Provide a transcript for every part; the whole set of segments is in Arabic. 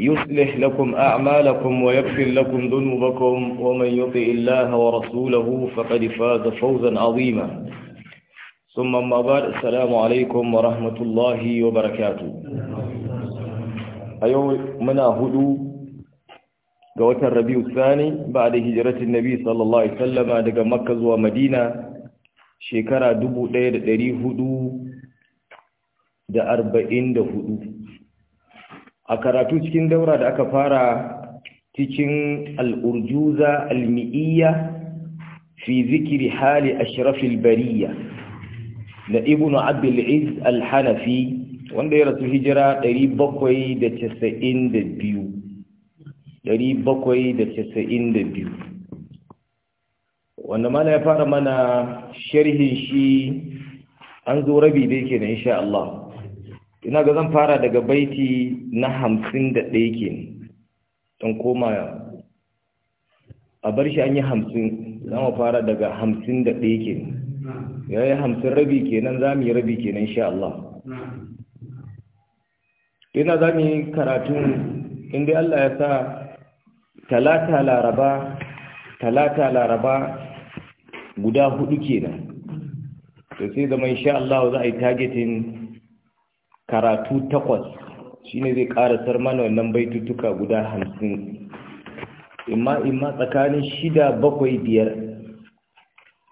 يصلح لكم أعمالكم ويغفر لكم ذنوبكم ومن يطع الله ورسوله فقد فاز فوزا عظيما ثم ما بعد السلام عليكم ورحمة الله وبركاته أيوة منا هدو قوات الربيع الثاني بعد هجرة النبي صلى الله عليه وسلم دقى مكة ومدينة شكرا دبو دير دري هدو دا أربعين دا هدو a karatu cikin daura da aka fara cikin al'urjuza almi'iyya fi zikiri hali ashrafil bariya da ibn abdul'iz al-hanafi wanda ya rasu hijira 792 wanda mana ya fara mana sharhin shi an zo rabi da yake na insha Allah ina ga zan fara daga baiti na hamsin da ɗaya ke don koma a bar shi an yi hamsin za mu fara daga hamsin da ɗaya ke ya yi hamsin rabi kenan za mu yi rabi kenan sha Allah ina za mu yi karatun inda Allah ya sa talata laraba talata laraba guda hudu kenan to sai zama insha Allah za a yi targeting karatu takwas shine zai karasar mana wannan baitutuka guda hamsin imma imma tsakanin shida bakwai biyar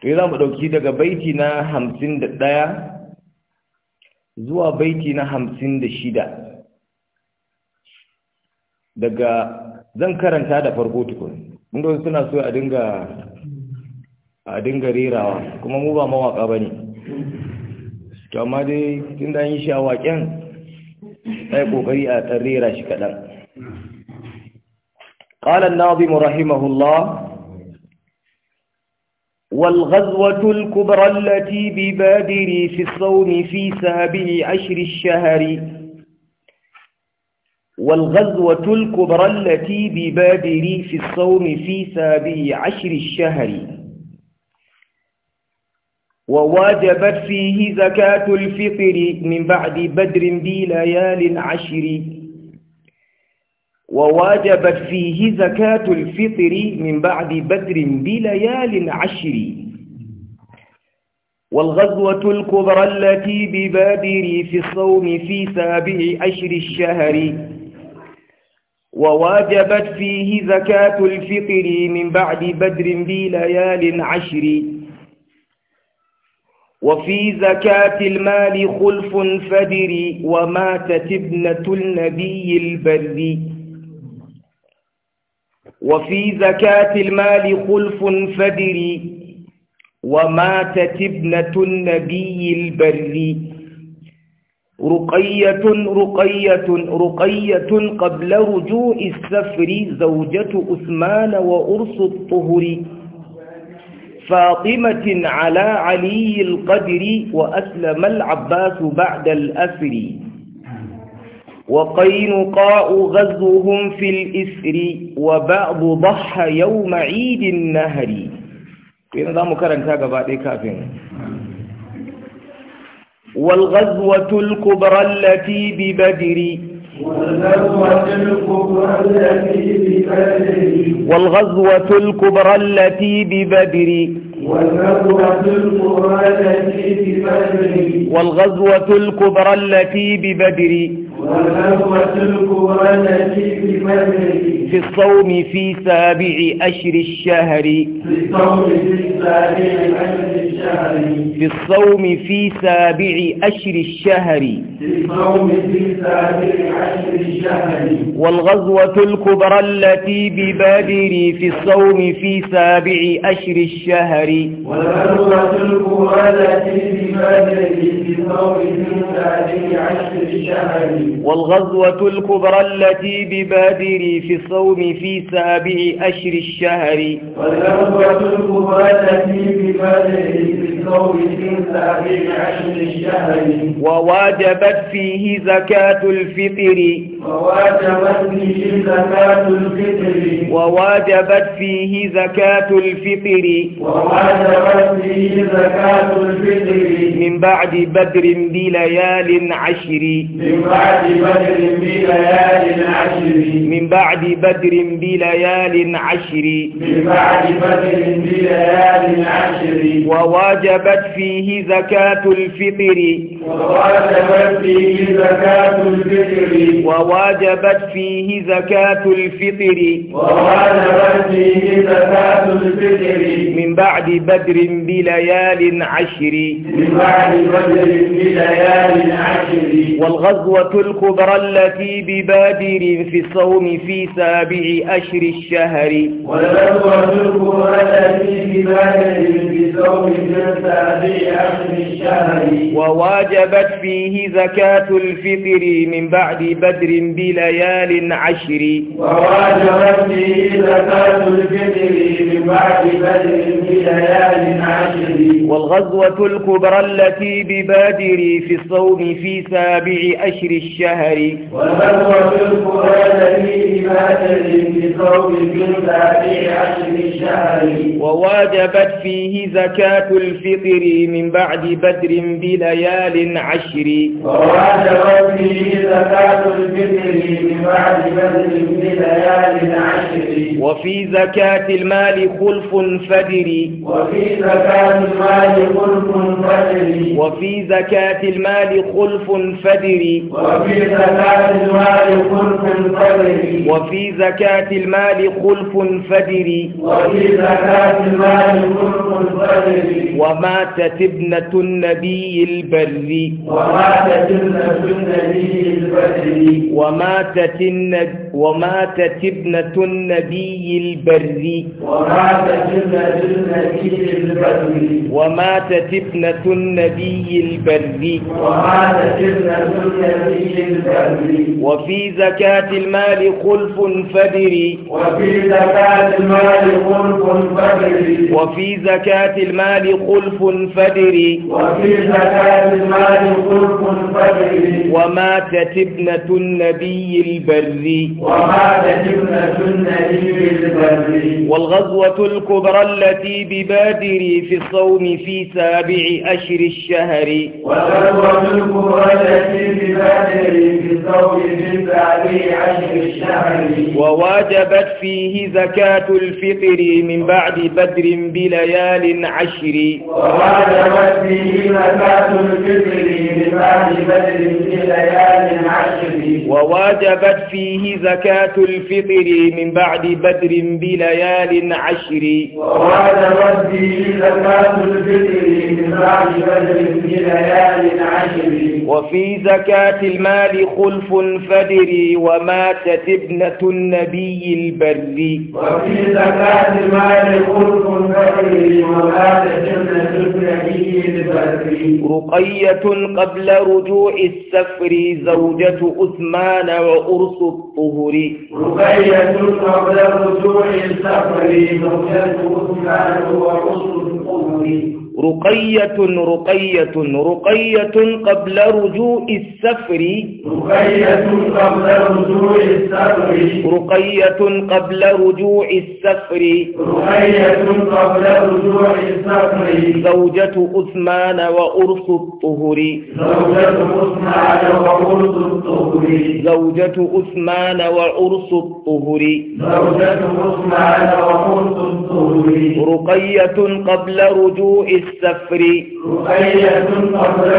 to za mu ɗauki daga baiti na hamsin da ɗaya zuwa baiti na hamsin da shida daga zan karanta da farko tukun inda wasu suna so a dinga a dinga rerawa kuma mu ba mawaƙa ba ne to amma dai tun da an yi shi a waƙen ai kokari a tarera shi kaɗan قال الناظم رحمه rahimahullah والغزوة الكبرى التي ببادر في الصوم في سابع عشر الشهر والغزوة الكبرى التي ببادر في الصوم في سابع عشر الشهر وواجبت فيه زكاة الفطر من بعد بدر بليال عشر وواجبت فيه زكاة الفطر من بعد بدر بليال عشر والغزوة الكبرى التي ببادر في الصوم في سابع أشر الشهر وواجبت فيه زكاة الفطر من بعد بدر بليال عشر وفي زكاة المال خلف فدري وماتت ابنة النبي البري وفي زكاة المال خلف فدري وماتت ابنة النبي البري رقية رقية رقية قبل رجوع السفر زوجة أثمان وأرس الطهري فاطمة على علي القدر وأسلم العباس بعد الأسر وقينقاء غزوهم في الإسر وبعض ضحى يوم عيد النهر كنا ذا مكرن تاقى بعد كافين والغزوة الكبرى التي ببدر والغزوة الكبرى التي ببدر والغزوة الكبرى التي ببدر والغزوة الكبرى التي ببدر في الصوم في سابع أشر الشهر في الصوم في سابع أشر الشهر في الصوم في سابع أشر الشهر في الصوم في سابع أشر الشهر والغزوة الكبرى التي ببدر في الصوم في سابع أشر الشهر والغزوة الكبرى التي ببدر في الصوم في سابع أشر الشهر والغزوة الكبرى التي ببدر في الصوم الصوم في سابع أشر الشهر والنوبة الكبرى في أشر الشهر ووجبت فيه زكاة الفطر وواجبت فيه زكاة الفطر وواجبت فيه زكاة الفطر من بعد بدر بليال عشر من بعد بدر بليال عشر من بعد بدر بليال عشر من بعد بدر بليال عشر وواجبت فيه زكاة الفطر وواجبت فيه زكاة الفطر ووجبت فيه زكاة الفطر ووجبت فيه زكاة الفطر من بعد بدر بليال عشر من بعد بدر بليال عشر والغزوة الكبرى التي ببادر في الصوم في سابع أشر الشهر والغزوة الكبرى التي ببادر في الصوم في سابع أشر الشهر وواجبت فيه زكاة الفطر من بعد بدر بليال عشر وواجبت به زكاة الفطر من بعد بدر بليال عشر والغزوة الكبرى التي ببادر في الصوم في سابع أشر الشهر والغزوة الكبرى التي أجل وواجبت فيه زكاة الفطر من بعد بدر بليال عشر وواجبت فيه زكاة الفطر من بعد بدر بليال عشر وفي زكاة المال خلف فدر وفي زكاة المال خلف فدر وفي زكاة المال خلف فدر وفي زكاة المال خلف فدر وفي وفي زكاة المال خلف فدري وفي زكاة المال خلف فدري وماتت ابنة النبي البري وماتت ابنة النبي البري وماتت وماتت ابنة النبي البري وماتت ابنة النبي البري وماتت ابنة النبي البري وماتت ابنة النبي البري وفي زكاة المال خلف قل فدري وفي زكاة المال خلف فدري وفي زكاة المال خلف فدري وفي زكاة المال خلف فدري وماتت ابنة النبي البري وماتت ابنة النبي البري والغزوة الكبرى التي ببادر في الصوم في سابع أشر الشهر والغزوة الكبرى التي ببادر في الصوم في سابع أشر الشهر ووجبت فيه زكاة الفطر من بعد بدر بليال عشر ووجبت فيه زكاة الفطر من بعد بدر بليال عشر ووجبت فيه زكاة الفطر من بعد بدر بليال عشر ووجبت فيه زكاة الفطر من بعد بدر بليال عشر وفي زكاة المال خلف فدري وماتت ابنة النبي البري وفي زكاة المال خلف فدري وماتت ابنة النبي البري رقية قبل رجوع السفر زوجة أثمان وأرس الطهر رقية قبل رجوع السفر زوجة أثمان وأرس الطهر رقية رقية رقية قبل رجوع السفر رقية قبل رجوع السفر رقية قبل رجوع السفر رقية قبل رجوع السفر زوجة عثمان وأرث الطهر زوجة عثمان وأرث الطهر زوجة عثمان وأرث الطهر زوجة عثمان وأرث الطهر رقية قبل رجوع السفر رقية قبل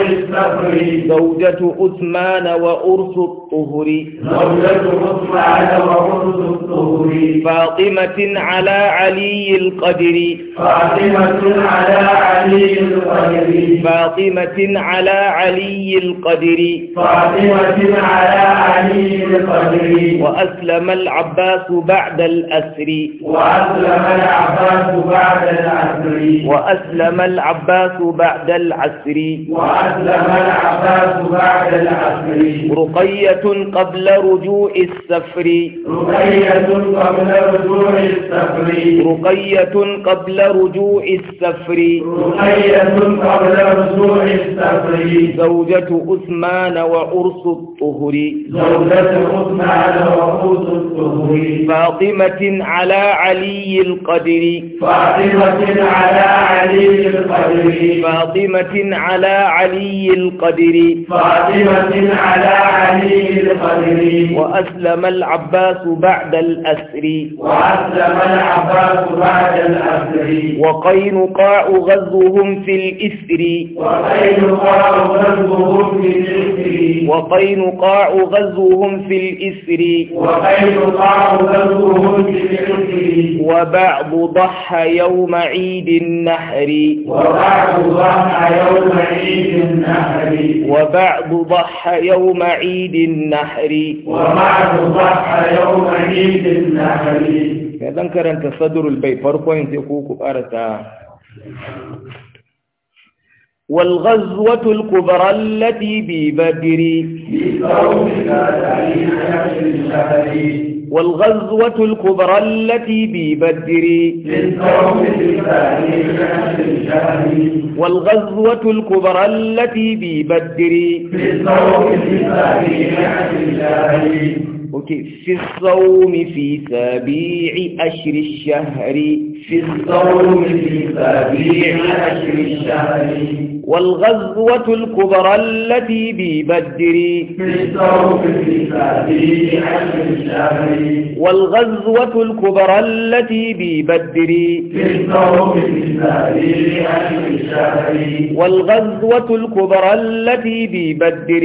السفر زوجة أثمان وأرث الطهر زوجة وأرس الطهر فاطمة على علي القدر فاطمة على علي القدر فاطمة على علي القدر فاطمة على علي القدر وأسلم العباس بعد الأسر وأسلم العباس بعد الأسر وأسلم العباس بعد العسر وأسلم العباس بعد العسر رقية قبل رجوع السفر رقية قبل رجوع السفر رقية قبل رجوع السفر رقية قبل رجوع السفر زوجة عثمان وعرس الطهر زوجة عثمان وعرس الطهر فاطمة على علي القدر فاطمة على علي علي القدر فاطمة على علي القدر فاطمة على علي القدر وأسلم العباس بعد الأسر وأسلم العباس بعد الأسر وقينقاع غزوهم في الإسر وقينقاع غزوهم في الإسر وقينقاع غزوهم في الإسر وقينقاع غزوهم في الإسر وبعض ضحى يوم عيد النحر النهر وبعد ضحى يوم عيد النهر وبعد ضحى يوم عيد النهر وبعد ضحى يوم عيد النهر كذا كرنت صدر البيت فرقوا انت كوكو ارتا والغزوة الكبرى التي ببدر والغزوة الكبرى التي ببدر والغزوة الكبرى التي ببدر أوكي في الصوم في سبيع أشر الشهر في الصوم في سبيع أشر الشهر والغزوة الكبرى التي ببدر والغزوة الكبرى التي ببدر والغزوة الكبرى التي ببدر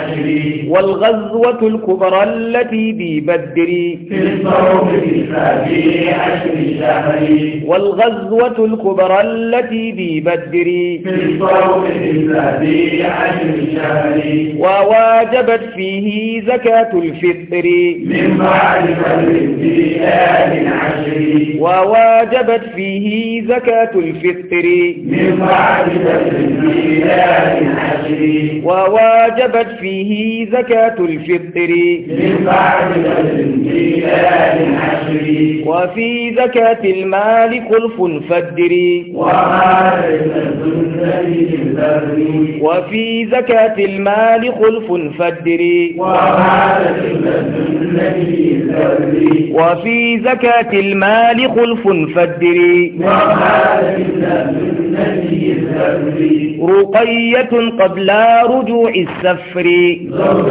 والغزوة الكبرى التي في بدر في الصوم في عشر شهري والغزوة الكبرى التي ببدري في الصوم في عشر شهري وواجبت فيه زكاة الفطر من بعد فرد عشر وواجبت فيه زكاة الفطر من بعد فرد عشر وواجبت فيه زكاة زكاة الفطر من بعد الانتلال عشري وفي زكاة المال خلف فدر وما وفي زكاة المال خلف فدر وما وفي زكاة المال خلف فدر وما رقية قبل رجوع السفر زوجة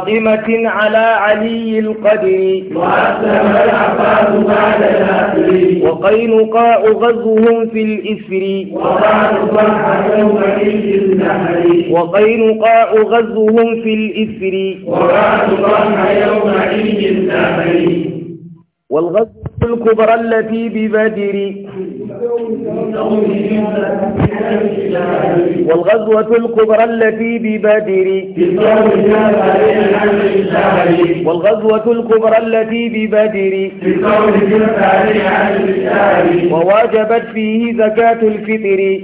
عاظمة على علي القدر وأسلم العباس بعد الأسر وقينقاع غزوهم في الإسر وبعد فرحة يوم النهر وقينقاع غزوهم في الإسر فرحة النهر والغزو الكبرى التي ببدر والغزوة الكبرى التي ببدر والغزوة الكبرى التي ببدر وواجبت فيه زكاة الفطر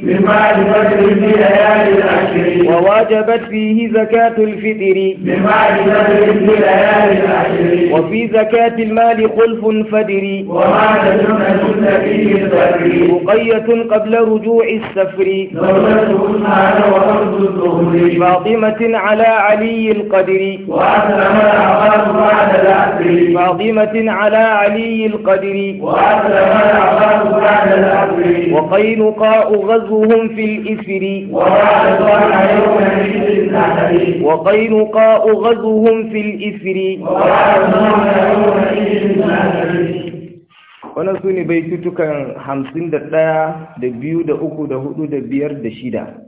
وواجبت فيه زكاة الفطر وفي زكاة المال خلف فدري وما تجنة فيه السفر بقية قبل رجوع السفر دولته على وفرد الظهر فاطمة على علي القدر وأسلم العباس بعد العسر فاطمة على علي القدر وأسلم العباس بعد العسر وقينقاع غزوهم في الإسر وبعد يوم النحر وقينقاع غزوهم في الإسر وبعد يوم النحر Wani su ne cutukan hamsin da ɗaya da biyu da uku da hudu da biyar da shida